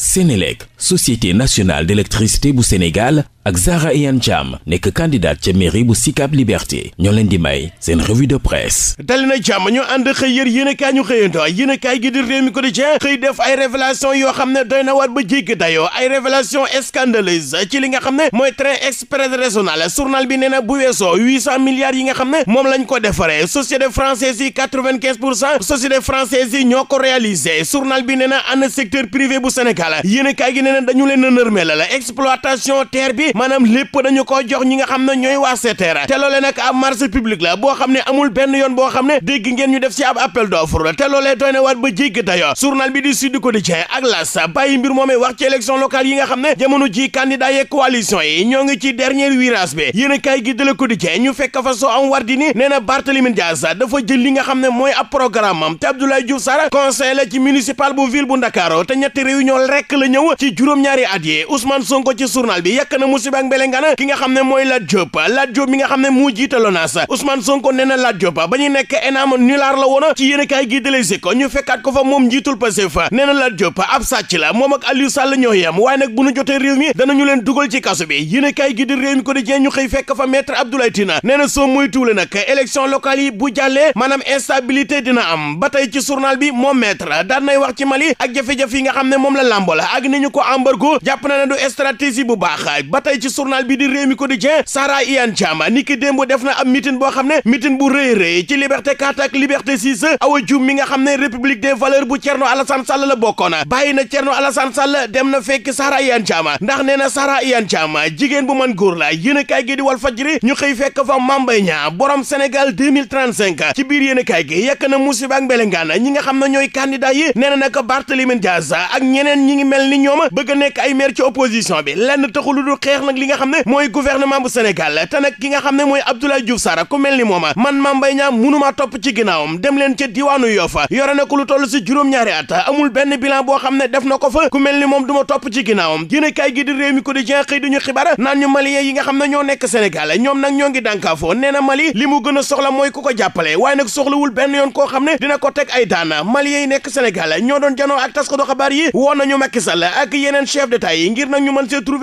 Sénélec société nationale d'électricité bu Sénégal ak Zahra Iyane Thiam nekk candidate ca mairie bu Sicap Liberté ñoo leen di may seen revue de presse dali na jàmm ñu ànd xëy yër yéenekaay ñu xëyanto yéenekaay gi di réew mi quotidien xëy def ay révélation yoo xam ne doy na war ba jéggi dayoo ay révélation scandaleuse ci li nga xam ne mooy train express régional journal bi ne na bu weesoo 800 milliards yi nga xam ne moom lañ ko defaree société française yi 95 pour cent société française yi ñoo ko réalisé journal bi nee na bu Sénégal yéenekaay gi na dañu leen a nërmee la la exploitation terre bi maanaam lépp dañu ko jox ñi nga xam ne ñooy waa SETER te loolee nag ab marché public la boo xam ne amul benn yoon boo xam ne dégg ngeen ñu def si ab appel d'offre la te loolee doy na waat ba jéggi dayo journal bi di Sud Quotidien ak L'As bàyyi mbir moomee wax ci élection locale yi nga xam ne jamono ji candidat yeeg coalition yi ñoo ngi ci dernier virage bi yéen a kaay gi de Le Quotidien ñu fekk fa soo am war di ni nee na Barthélémy dafa jël li nga xam ne mooy ab programme am te Abdoulaye Diouf Sarr conseil la ci municipal bu ville bu Ndakaaru te ñetti réunion rekk la ñëw ci juróom-ñaari at yi Ousmane Sonko ci journal bi yàkk na musiba ak mbelengana ki nga xam ne mooy Lat Diop Lat Diop nga xam ne moo jiite LONAS Ousmane Sonko nee na Lat Diop ba ñuy nekk ENAM nulaar la woon ci yéen a kaay gi de Les Échos ñu fekkaat ko fa moom njiitul Pastef nee na Lat Diop ab sàcc la moom ak Aliou Sall ñoo yem waaye nag bu ñu jotee réew mi danañu leen dugal ci kaso bi yéen a kaay gi di mi ko di ñu xëy fekk fa maître Abdoulaye Tine nee na muy tuule bi moom maître daan nay wax ci Mali ak jafe-jafe yi nga xam ne moom la làmbo la ak ni ñu ko embargo jàpp na ne du stratégie bu xëy ci journal bi di Rewmi Quotidien Sara Iyane Thiam ni ki démb def na ab mitin boo xam ne mitin bu rëy rëy ci liberté 4 ak liberté 6 awa jum mi nga xam ne république des valeurs bu Thierno Alassane Sall la bokkoon bàyyi na Thierno Alassane Sall dem na fekk Sara Iyane Thiam ndax nee na Sara Iyane Thiam jigéen bu man góor la yéen a kaay gi di Walf Fadjri ñu xëy fekk fa Mambay Niang borom Sénégal 2035 ci biir yéen a kaay gi yàkk na musiba ak mbelengaan xam ne ñooy candidat yi nee na nag ñi ngi mel ni ñoom bëgg nekk ay maire ci bi xeex nag li nga xam ne mooy gouvernement bu Sénégal te nag mooy Abdoulaye Diouf Sarr ku mel ni mooma man Mame Mbaye Niang munumaa topp ci ginnaawam dem leen diwaanu Yoff yore na ko lu si juróom-ñaari at amul benn bilan boo xam ne def na ko fa ku mel ni moom du ma topp ci ginnaawam yéen kay gi di réew mi quotidien xëy duñu xibaar naan ñu malien yi nga xam ne ñoo nekk Sénégal ñoom nag ñoo ngi dànkaafoo nee na Mali li mu gën a soxla mooy ku ko jàppale waaye nag soxlawul benn yoon koo xam ne dina ko teg ay daan malien yi nekk Sénégal ñoo doon janoo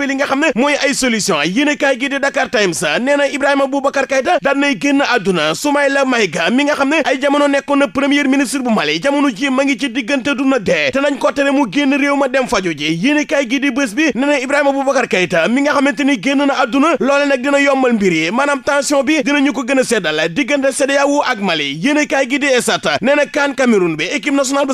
li nga xam ne mooy ay solution yéen a kaay gi di Dakar Times nee na Ibrahima Boubacar Keïta daan nay génn àdduna Soumaïla Maïga mi nga xam ne ay jamono nekkoon na premier ministre bu Mali jamono jii ma ngi ci diggante du na dee te nañ ko tere mu génn réew ma dem faju ji yéen kaay gi di bés bi nee na Ibrahima Boubacar Keïta mi nga xamante ni génn na àdduna loole nag dina yombal mbir yi maanaam tension bi dinañu ko gën a seddal diggante CEDEAO ak Mali yéen kaay gi di Esat nee na CAN Cameroun bi équipe nationale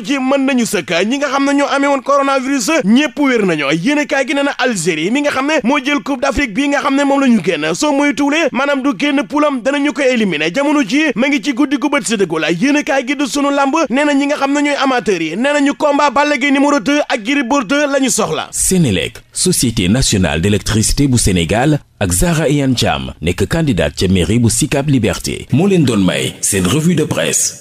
ji mën nañu sëkk ñi nga xam ne ñoo amee woon coronavirus ñëpp wér nañu yéen a kaay gi bi nga xam ne moo jël coupe d'Afrique bi nga xam ne moom la ñu génn soo moy tuulee maanaam du génn pulam danañu ko éliminer jamono ji ma ngi ci guddi gu bët si dëggu la yéen a kaay gi du sunu làmb nee na ñi nga xam ne ñooy amateurs yi nee na ñu combat Balla Gaye numéro 2 ak Gris Bordeaux la ñu soxla Sénélec société nationale d'électricité bu Sénégal ak Zahra Iyane Thiam nekk candidate ca mairie bu Sicap Liberté moo leen doon may seen revue de presse